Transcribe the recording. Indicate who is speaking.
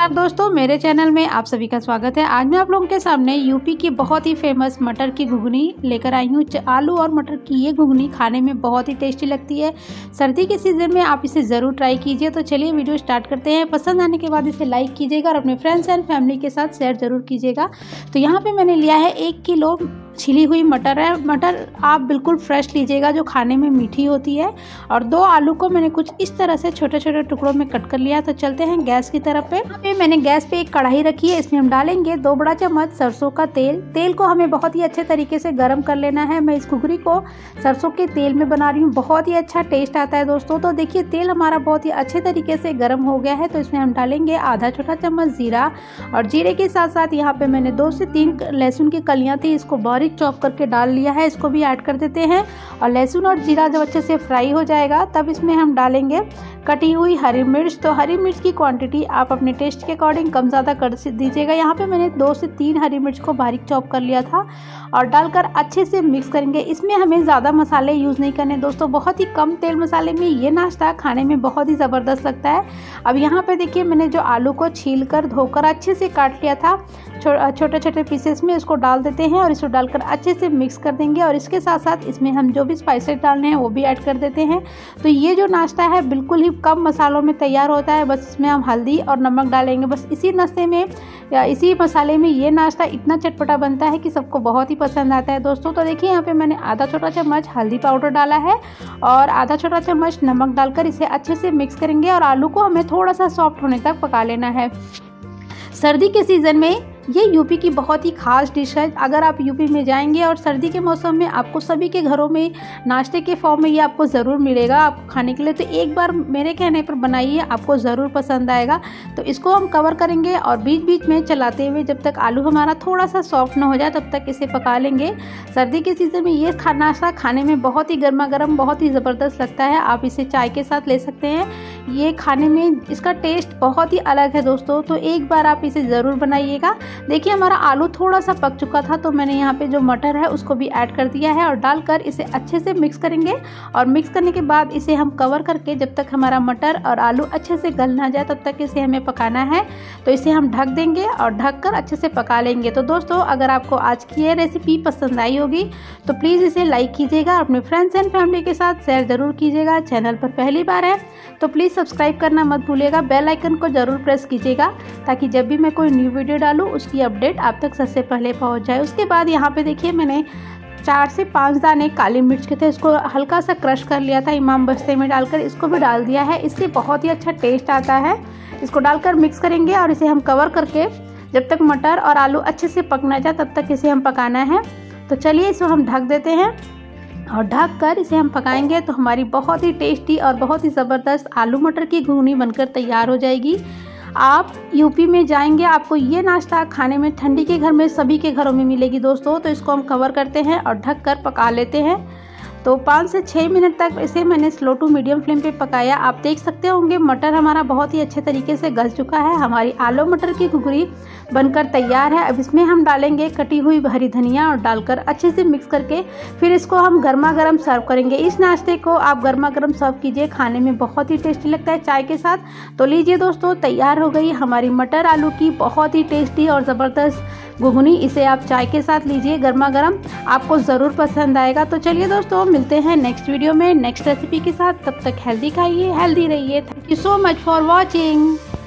Speaker 1: नमस्कार दोस्तों मेरे चैनल में आप सभी का स्वागत है आज मैं आप लोगों के सामने यूपी की बहुत ही फेमस मटर की घुगनी लेकर आई हूँ आलू और मटर की ये घुगनी खाने में बहुत ही टेस्टी लगती है सर्दी के सीज़न में आप इसे ज़रूर ट्राई कीजिए तो चलिए वीडियो स्टार्ट करते हैं पसंद आने के बाद इसे लाइक कीजिएगा और अपने फ्रेंड्स एंड फैमिली के साथ शेयर ज़रूर कीजिएगा तो यहाँ पर मैंने लिया है एक किलो छिली हुई मटर है मटर आप बिल्कुल फ्रेश लीजिएगा जो खाने में मीठी होती है और दो आलू को मैंने कुछ इस तरह से छोटे छोटे टुकड़ों में कट कर लिया तो चलते हैं गैस की तरफ पे अभी मैंने गैस पे एक कढ़ाई रखी है इसमें हम डालेंगे दो बड़ा चम्मच सरसों का तेल तेल को हमें बहुत ही अच्छे तरीके से गर्म कर लेना है मैं इस घुघरी को सरसों के तेल में बना रही हूँ बहुत ही अच्छा टेस्ट आता है दोस्तों तो देखिए तेल हमारा बहुत ही अच्छे तरीके से गर्म हो गया है तो इसमें हम डालेंगे आधा छोटा चम्मच जीरा और जीरे के साथ साथ यहाँ पे मैंने दो से तीन लहसुन की कलियाँ थी इसको बारीक बारीक चॉप करके डाल लिया है इसको भी ऐड कर देते हैं और लहसुन और जीरा जब अच्छे से फ्राई हो जाएगा तब इसमें हम डालेंगे कटी हुई हरी मिर्च तो हरी मिर्च की क्वांटिटी आप अपने टेस्ट के अकॉर्डिंग कम ज़्यादा कर दीजिएगा यहाँ पे मैंने दो से तीन हरी मिर्च को बारीक चॉप कर लिया था और डालकर अच्छे से मिक्स करेंगे इसमें हमें ज़्यादा मसाले यूज़ नहीं करने दोस्तों बहुत ही कम तेल मसाले में ये नाश्ता खाने में बहुत ही ज़बरदस्त लगता है अब यहाँ पर देखिए मैंने जो आलू को छील कर धोकर अच्छे से काट लिया था छोटे छोटे पीसेस में इसको डाल देते हैं और इसको डाल डालकर अच्छे से मिक्स कर देंगे और इसके साथ साथ इसमें हम जो भी स्पाइसेस डालने हैं वो भी ऐड कर देते हैं तो ये जो नाश्ता है बिल्कुल ही कम मसालों में तैयार होता है बस इसमें हम हल्दी और नमक डालेंगे बस इसी नाश्ते में या इसी मसाले में ये नाश्ता इतना चटपटा बनता है कि सबको बहुत ही पसंद आता है दोस्तों तो देखिए यहाँ पे मैंने आधा छोटा चम्मच हल्दी पाउडर डाला है और आधा छोटा चम्मच नमक डालकर इसे अच्छे से मिक्स करेंगे और आलू को हमें थोड़ा सा सॉफ्ट होने तक पका लेना है सर्दी के सीज़न में ये यूपी की बहुत ही खास डिश है अगर आप यूपी में जाएंगे और सर्दी के मौसम में आपको सभी के घरों में नाश्ते के फॉर्म में ये आपको ज़रूर मिलेगा आपको खाने के लिए तो एक बार मेरे कहने पर बनाइए आपको ज़रूर पसंद आएगा तो इसको हम कवर करेंगे और बीच बीच में चलाते हुए जब तक आलू हमारा थोड़ा सा सॉफ्ट ना हो जाए तब तक इसे पका लेंगे सर्दी के सीज़न में ये नाश्ता खाने में बहुत ही गर्मा गर्म बहुत ही ज़बरदस्त लगता है आप इसे चाय के साथ ले सकते हैं ये खाने में इसका टेस्ट बहुत ही अलग है दोस्तों तो एक बार आप इसे ज़रूर बनाइएगा देखिए हमारा आलू थोड़ा सा पक चुका था तो मैंने यहाँ पे जो मटर है उसको भी ऐड कर दिया है और डालकर इसे अच्छे से मिक्स करेंगे और मिक्स करने के बाद इसे हम कवर करके जब तक हमारा मटर और आलू अच्छे से गल ना जाए तब तक इसे हमें पकाना है तो इसे हम ढक देंगे और ढक कर अच्छे से पका लेंगे तो दोस्तों अगर आपको आज की यह रेसिपी पसंद आई होगी तो प्लीज़ इसे लाइक कीजिएगा अपने फ्रेंड्स एंड फैमिली के साथ शेयर ज़रूर कीजिएगा चैनल पर पहली बार है तो प्लीज़ प्लीज़ सब्सक्राइब करना मत भूलिएगा बेल आइकन को ज़रूर प्रेस कीजिएगा ताकि जब भी मैं कोई न्यू वीडियो डालूँ उसकी अपडेट आप तक सबसे पहले पहुँच जाए उसके बाद यहाँ पर देखिए मैंने चार से पाँच दाने काली मिर्च के थे इसको हल्का सा क्रश कर लिया था इमाम बस्ते में डालकर इसको भी डाल दिया है इससे बहुत ही अच्छा टेस्ट आता है इसको डालकर मिक्स करेंगे और इसे हम कवर करके जब तक मटर और आलू अच्छे से पकना जाए तब तक इसे हम पकाना है तो चलिए इसको हम ढक देते हैं और ढक कर इसे हम पकाएंगे तो हमारी बहुत ही टेस्टी और बहुत ही ज़बरदस्त आलू मटर की घुगनी बनकर तैयार हो जाएगी आप यूपी में जाएंगे आपको ये नाश्ता खाने में ठंडी के घर में सभी के घरों में मिलेगी दोस्तों तो इसको हम कवर करते हैं और ढक कर पका लेते हैं तो पाँच से छः मिनट तक इसे मैंने स्लो टू मीडियम फ्लेम पे पकाया आप देख सकते होंगे मटर हमारा बहुत ही अच्छे तरीके से गल चुका है हमारी आलू मटर की घुघरी बनकर तैयार है अब इसमें हम डालेंगे कटी हुई हरी धनिया और डालकर अच्छे से मिक्स करके फिर इसको हम गर्मा गर्म सर्व करेंगे इस नाश्ते को आप गर्मा गर्म सर्व कीजिए खाने में बहुत ही टेस्टी लगता है चाय के साथ तो लीजिए दोस्तों तैयार हो गई हमारी मटर आलू की बहुत ही टेस्टी और ज़बरदस्त घुघनी इसे आप चाय के साथ लीजिए गर्मा गर्म आपको ज़रूर पसंद आएगा तो चलिए दोस्तों मिलते हैं नेक्स्ट वीडियो में नेक्स्ट रेसिपी के साथ तब तक हेल्दी खाइए हेल्दी रहिए thank you so much for watching